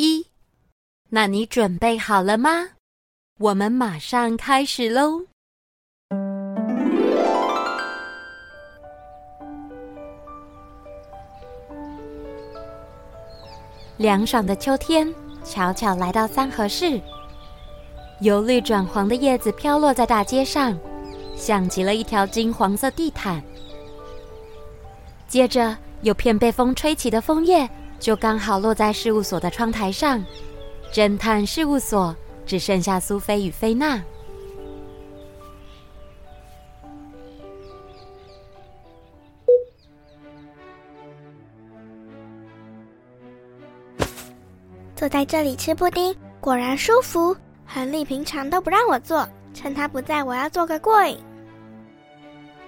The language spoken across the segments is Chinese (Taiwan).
一，那你準備好了嗎？我們馬上開始嘍。涼爽的秋天，悄悄來到三河市，由綠轉黃的葉子飄落在大街上，像極了一條金黃色地毯。接着，有片被風吹起的楓葉。就剛好落在事務所的窗台上，偵探事務所只剩下蘇菲與菲娜。坐在這裡吃布丁，果然舒服。亨利平常都不讓我坐，趁他不在，我要坐個過癮。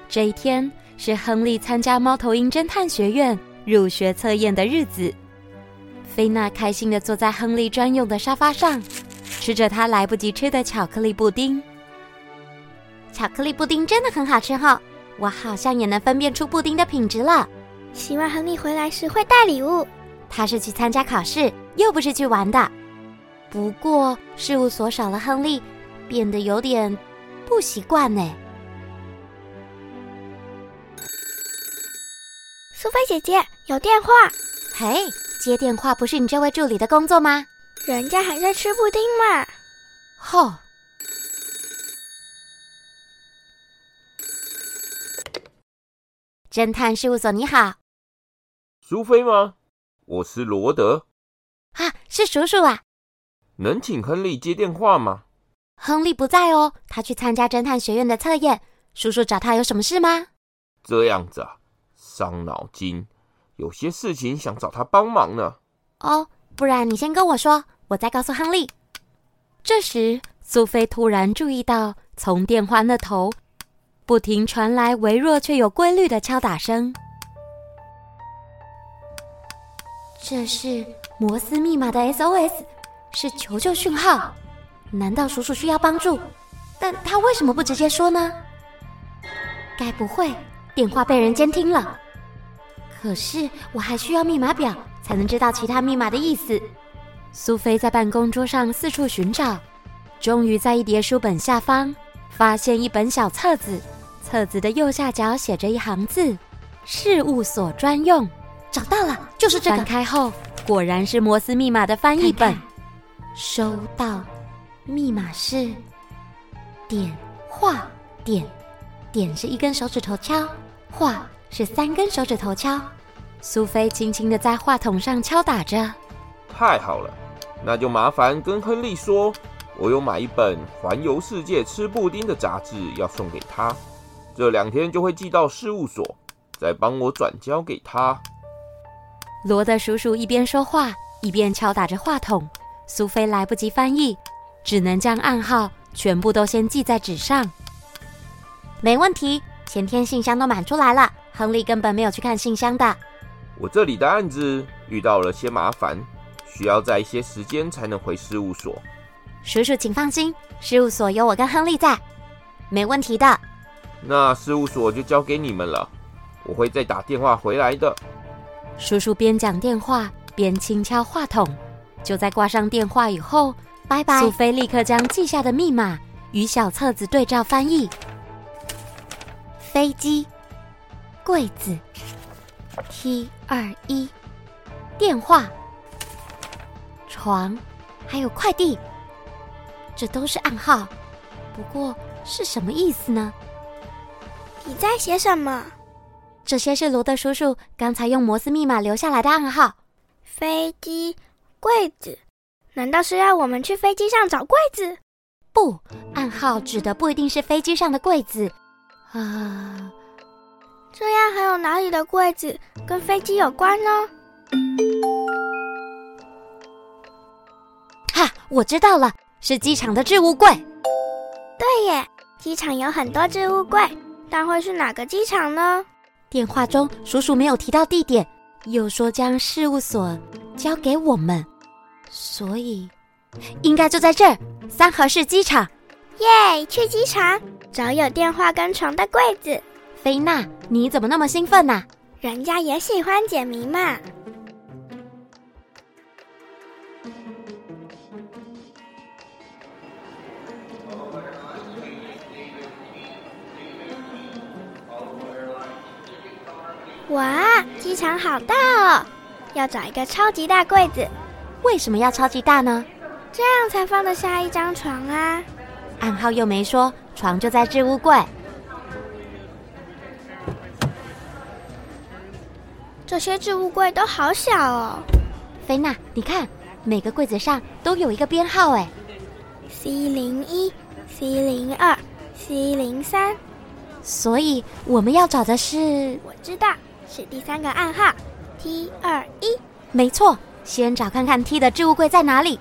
這一天是亨利參加貓頭鷹偵探學院入學測驗的日子。貝娜開心的坐在亨利專用的沙發上，吃着她來不及吃的巧克力布丁。巧克力布丁真的很好吃，我好像也能分辨出布丁的品質了。希望亨利回來時會帶禮物。他是去參加考試，又不是去玩的。不過事務所少了亨利，變得有點不習慣。欸、蘇菲姐姐，有電話。嘿。接電話不是你這位助理的工作嗎？人家還在吃布丁嘛！吼、哦！偵探事務所，你好，蘇菲嗎？我是羅德。啊，是叔叔啊！能請亨利接電話嗎？亨利不在哦，他去參加偵探學院的測驗。叔叔找他有什麼事嗎？這樣子啊，傷腦筋。有些事情想找他幫忙呢。哦，不然你先跟我說，我再告訴亨利。這時，蘇菲突然注意到，從電話那頭不停傳來微弱卻有規律的敲打聲。這是摩斯密碼的 SOS，是求救訊號。難道叔叔需要幫助？但他為什麼不直接說呢？該不會電話被人監聽了？可是我還需要密碼表才能知道其他密碼的意思。蘇菲在辦公桌上四處尋找，終於在一疊書本下方發現一本小冊子。冊子的右下角寫着一行字：“事務所專用。”找到了，就是這個。打開後，果然是摩斯密碼的翻譯本。看看收到，密碼是點畫點，點是一根手指頭敲，畫。是三根手指頭敲，蘇菲輕輕的在話筒上敲打着。太好了，那就麻煩跟亨利說，我有買一本環遊世界吃布丁的雜誌要送給他，這兩天就會寄到事務所，再幫我轉交給他。羅德叔叔一邊說話一邊敲打着話筒，蘇菲來不及翻譯，只能將暗號全部都先記在紙上。沒問題，前天信箱都滿出來了。亨利根本沒有去看信箱的。我這裡的案子遇到了些麻煩，需要再一些時間才能回事務所。叔叔，請放心，事務所有我跟亨利在，沒問題的。那事務所就交給你們了，我會再打電話回來的。叔叔邊講電話邊輕敲話筒，就在掛上電話以後，拜拜。蘇菲立刻將記下的密碼與小冊子對照翻譯。飛機。櫃子，T21，電話，床，還有快遞，這都是暗號。不過是什麼意思呢？你在寫什麼？這些是羅德叔叔剛才用摩斯密碼留下來的暗號。飛機，櫃子，難道是要我們去飛機上找櫃子？不，暗號指的不一定是飛機上的櫃子。啊、呃。這樣，還有哪裡的櫃子跟飛機有關呢？哈，我知道了，是機場的置物櫃。對耶，機場有很多置物櫃，但會是哪個機場呢？電話中叔叔沒有提到地點，又說將事務所交給我們，所以應該就在這兒——三河市機場。耶，yeah, 去機場找有電話跟床的櫃子。菲娜，你怎麼那麼興奮吶啊？人家也喜歡解謎嘛。哇，機場好大哦！要找一個超級大櫃子。為什麼要超級大呢？這樣才放得下一張床啊。暗號又沒說，床就在置物櫃。這些置物櫃都好小哦，菲娜，你看，每個櫃子上都有一個編號，哎，C 零一、C 零二、C 零三，所以我們要找的是我知道，是第三個暗號 T 二一，沒錯，先找看看 T 的置物櫃在哪裡。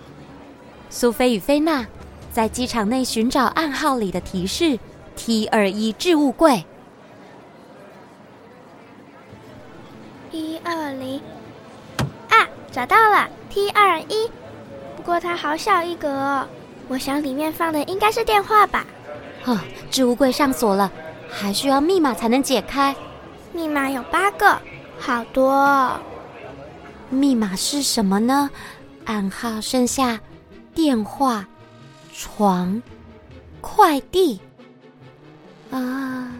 蘇菲與菲娜在機場內尋找暗號裡的提示 T 二一置物櫃。二零，啊，找到了 T 二一，不過它好小一格哦，我想裡面放的應該是電話吧？哦，置物櫃上鎖了，還需要密碼才能解開。密碼有八個，好多。密碼是什麼呢？暗號剩下電話、床、快遞。啊。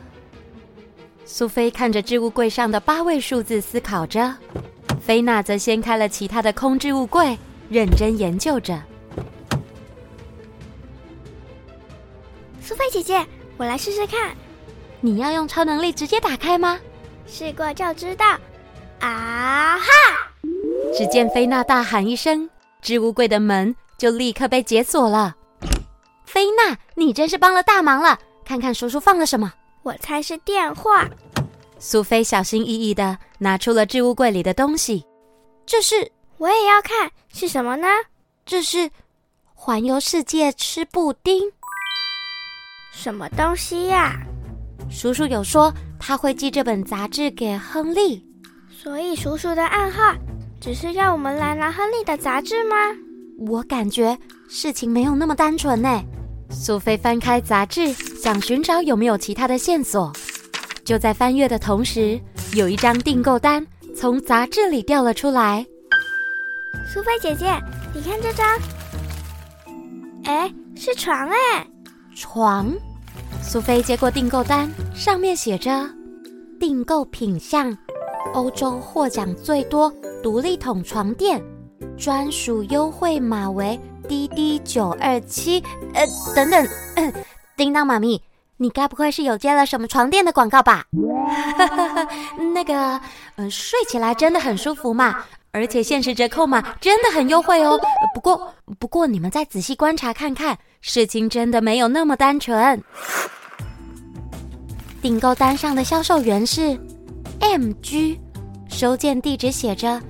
蘇菲看着置物櫃上的八位數字，思考着。菲娜則掀開了其他的空置物櫃，認真研究着。蘇菲姐姐，我來試試看。你要用超能力直接打開嗎？試過就知道。啊哈！只見菲娜大喊一聲，置物櫃的門就立刻被解鎖了。菲娜，你真是幫了大忙了！看看叔叔放了什麼。我猜是電話。蘇菲小心翼翼地拿出了置物櫃裡的東西。這是，我也要看，是什麼呢？這是環遊世界吃布丁。什麼東西呀、啊？叔叔有說他會寄這本雜誌給亨利，所以叔叔的暗號只是讓我們來拿亨利的雜誌嗎？我感覺事情沒有那麼單純呢、哎。蘇菲翻開雜誌，想尋找有沒有其他的線索。就在翻閱的同時，有一張訂購單從雜誌裡掉了出來。蘇菲姐姐，你看這張，哎，是床哎，床。蘇菲接過訂購單，上面寫着：“訂購品項，歐洲獲獎最多獨立筒床墊，專屬優惠碼為。”滴滴九二七，呃，等等，呃、叮噹媽咪，你該不會是有接了什麼床墊的廣告吧？ 那個，嗯、呃，睡起來真的很舒服嘛，而且限時折扣嘛，真的很優惠哦。不過，不過你們再仔細觀察看看，事情真的沒有那麼單純。訂購單上的銷售員是 MG，收件地址寫着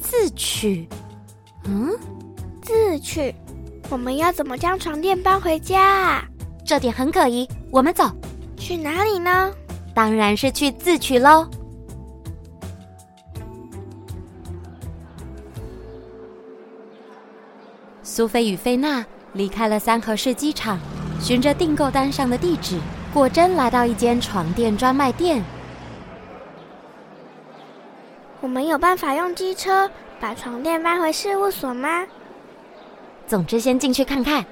自取。嗯。自取，我們要怎麼將床墊搬回家？這點很可疑。我們走。去哪裡呢？當然是去自取嘍。蘇菲與菲娜離開了三河市機場，循着訂購單上的地址，果真來到一間床墊專賣店。我們有辦法用機車把床墊搬回事務所嗎？總之，先進去看看。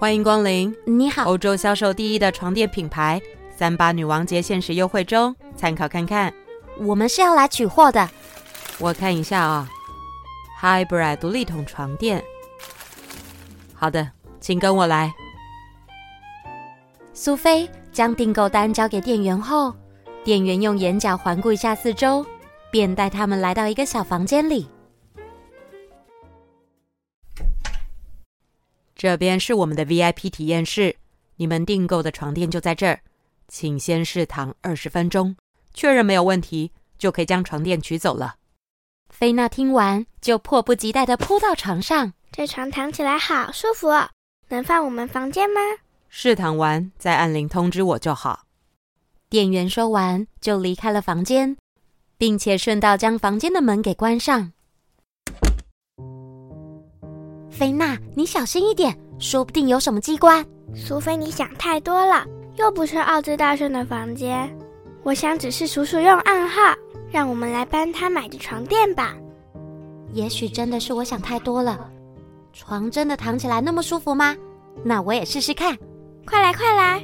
歡迎光臨，你好！歐洲銷售第一的床墊品牌，三八女王節限時優惠中，參考看看。我們是要來取貨的。我看一下啊、哦，Hybrid 獨立筒床墊。好的，請跟我來，蘇菲。將訂購單交給店員後，店員用眼角環顧一下四周，便帶他們來到一個小房間裡。這邊是我們的 VIP 體驗室，你們訂購的床墊就在這兒，請先試躺二十分鐘，確認沒有問題，就可以將床墊取走了。菲娜聽完就迫不及待地撲到床上，這床躺起來好舒服，能放我們房間嗎？試躺完再按鈴通知我就好。店員說完就離開了房間，並且順道將房間的門給關上。菲娜，你小心一點，說不定有什麼機關。蘇菲，你想太多了，又不是奧茲大聖的房間，我想只是叔叔用暗號，讓我們來幫他買的床墊吧。也許真的是我想太多了，床真的躺起來那麼舒服嗎？那我也試試看。快來快來！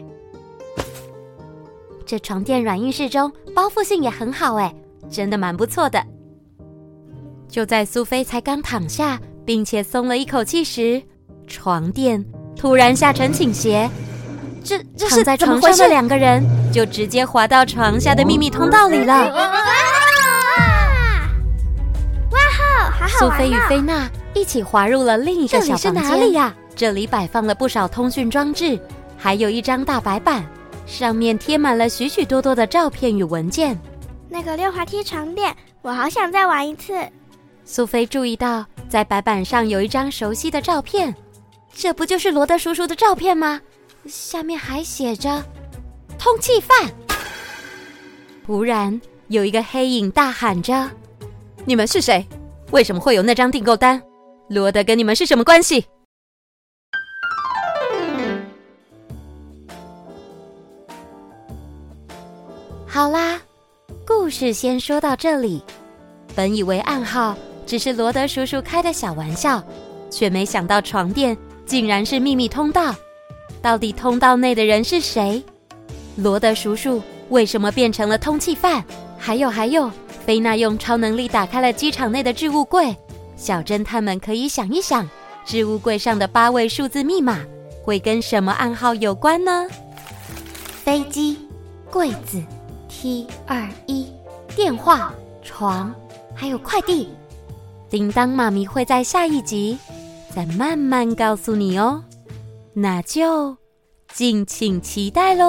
這床墊軟硬適中，包覆性也很好欸，真的蠻不錯的。就在蘇菲才剛躺下並且鬆了一口氣時，床墊突然下沉傾斜，這，這躺在床上的兩個人就直接滑到床下的秘密通道裡了！哇！哇哈，還好玩哦。蘇菲與菲娜一起滑入了另一個小房間。這裡是哪裡啊？這裡擺放了不少通訊裝置。還有一張大白板，上面貼滿了許許多多的照片與文件。那個溜滑梯床墊，我好想再玩一次。蘇菲注意到，在白板上有一張熟悉的照片，這不就是羅德叔叔的照片嗎？下面還寫着“通緝犯”。 忽然，有一個黑影大喊着：“你們是誰？為什麼會有那張訂購單？羅德跟你們是什麼關係？”好啦，故事先說到這裡。本以為暗號只是羅德叔叔開的小玩笑，卻沒想到床墊竟然是秘密通道。到底通道內的人是誰？羅德叔叔為什麼變成了通緝犯？還有還有，菲娜用超能力打開了機場內的置物櫃。小偵探們可以想一想，置物櫃上的八位數字密碼會跟什麼暗號有關呢？飛機，櫃子。一二一，1 1, 2, 1，電話、床，還有快遞。叮噹媽咪會在下一集再慢慢告訴你哦，那就敬請期待嘍。